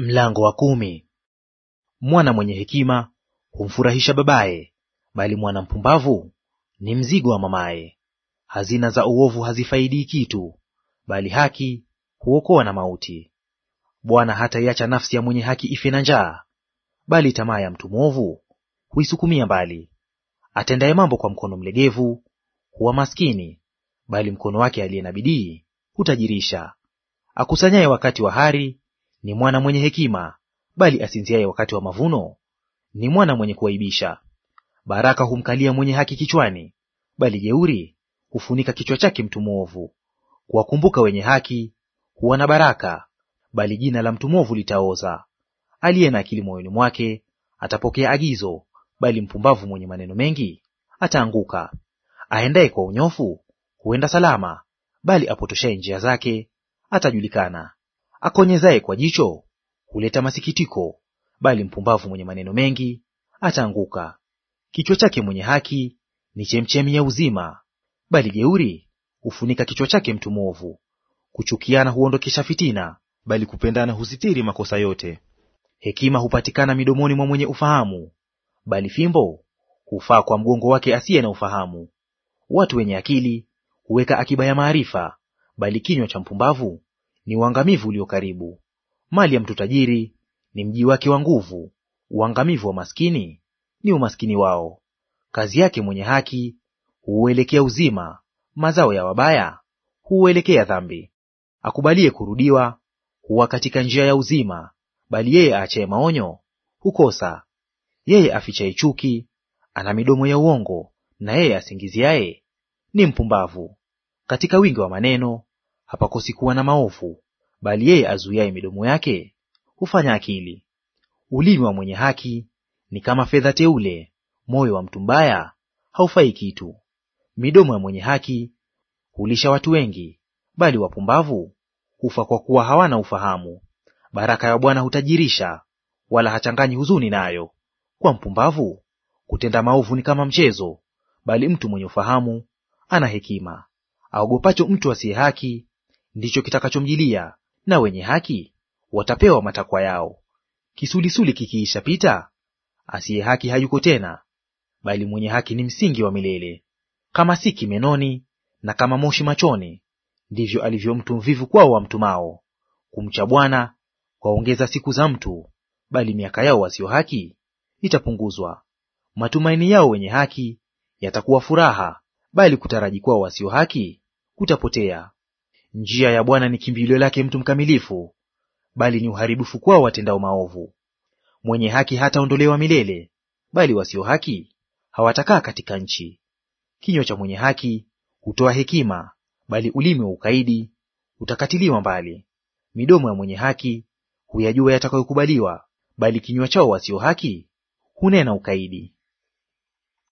Mlango wa kumi. Mwana mwenye hekima humfurahisha babaye, bali mwana mpumbavu ni mzigo wa mamaye. Hazina za uovu hazifaidii kitu, bali haki huokoa na mauti. Bwana hataiacha nafsi ya mwenye haki ife na njaa, bali tamaa ya mtu mwovu huisukumia mbali. Atendaye mambo kwa mkono mlegevu huwa maskini, bali mkono wake aliye na bidii hutajirisha. Akusanyaye wakati wa hari ni mwana mwenye hekima, bali asinziaye wakati wa mavuno ni mwana mwenye kuaibisha. Baraka humkalia mwenye haki kichwani, bali jeuri hufunika kichwa chake mtu mwovu. Kuwakumbuka wenye haki huwa na baraka, bali jina la mtu mwovu litaoza. Aliye na akili moyoni mwake atapokea agizo, bali mpumbavu mwenye maneno mengi ataanguka. Aendaye kwa unyofu huenda salama, bali apotoshaye njia zake atajulikana. Akonyezaye kwa jicho huleta masikitiko, bali mpumbavu mwenye maneno mengi ataanguka. Kichwa chake mwenye haki ni chemchemi ya uzima, bali jeuri hufunika kichwa chake mtu mwovu. Kuchukiana huondokesha fitina, bali kupendana husitiri makosa yote. Hekima hupatikana midomoni mwa mwenye ufahamu, bali fimbo hufaa kwa mgongo wake asiye na ufahamu. Watu wenye akili huweka akiba ya maarifa, bali kinywa cha mpumbavu ni uangamivu ulio karibu. Mali ya mtu tajiri ni mji wake wa nguvu, uangamivu wa maskini ni umaskini wao. Kazi yake mwenye haki huuelekea uzima, mazao ya wabaya huuelekea dhambi. Akubalie kurudiwa huwa katika njia ya uzima, bali yeye aachaye maonyo hukosa. Yeye afichaye chuki ana midomo ya uongo, na yeye asingiziaye ni mpumbavu. Katika wingi wa maneno Hapakosi kuwa na maovu, bali yeye azuiaye midomo yake hufanya akili. Ulimi wa mwenye haki ni kama fedha teule, moyo wa mtu mbaya haufai kitu. Midomo ya mwenye haki hulisha watu wengi, bali wapumbavu hufa kwa kuwa hawana ufahamu. Baraka ya Bwana hutajirisha, wala hachanganyi huzuni nayo. Kwa mpumbavu kutenda maovu ni kama mchezo, bali mtu mwenye ufahamu ana hekima. Aogopacho mtu asiye haki ndicho kitakachomjilia, na wenye haki watapewa matakwa yao. Kisulisuli kikiisha pita, asiye haki hayuko tena, bali mwenye haki ni msingi wa milele. Kama si kimenoni na kama moshi machoni, ndivyo alivyo mtu mvivu kwao wamtumao. Kumcha Bwana kwaongeza siku za mtu, bali miaka yao wasio haki itapunguzwa. Matumaini yao wenye haki yatakuwa furaha, bali kutaraji kwao wasio haki kutapotea. Njia ya Bwana ni kimbilio lake mtu mkamilifu, bali ni uharibifu kwao watendao maovu. Mwenye haki hataondolewa milele, bali wasio haki hawatakaa katika nchi. Kinywa cha mwenye haki hutoa hekima, bali ulimi wa ukaidi utakatiliwa mbali. Midomo ya mwenye haki huyajua yatakayokubaliwa, bali kinywa chao wasio haki hunena ukaidi.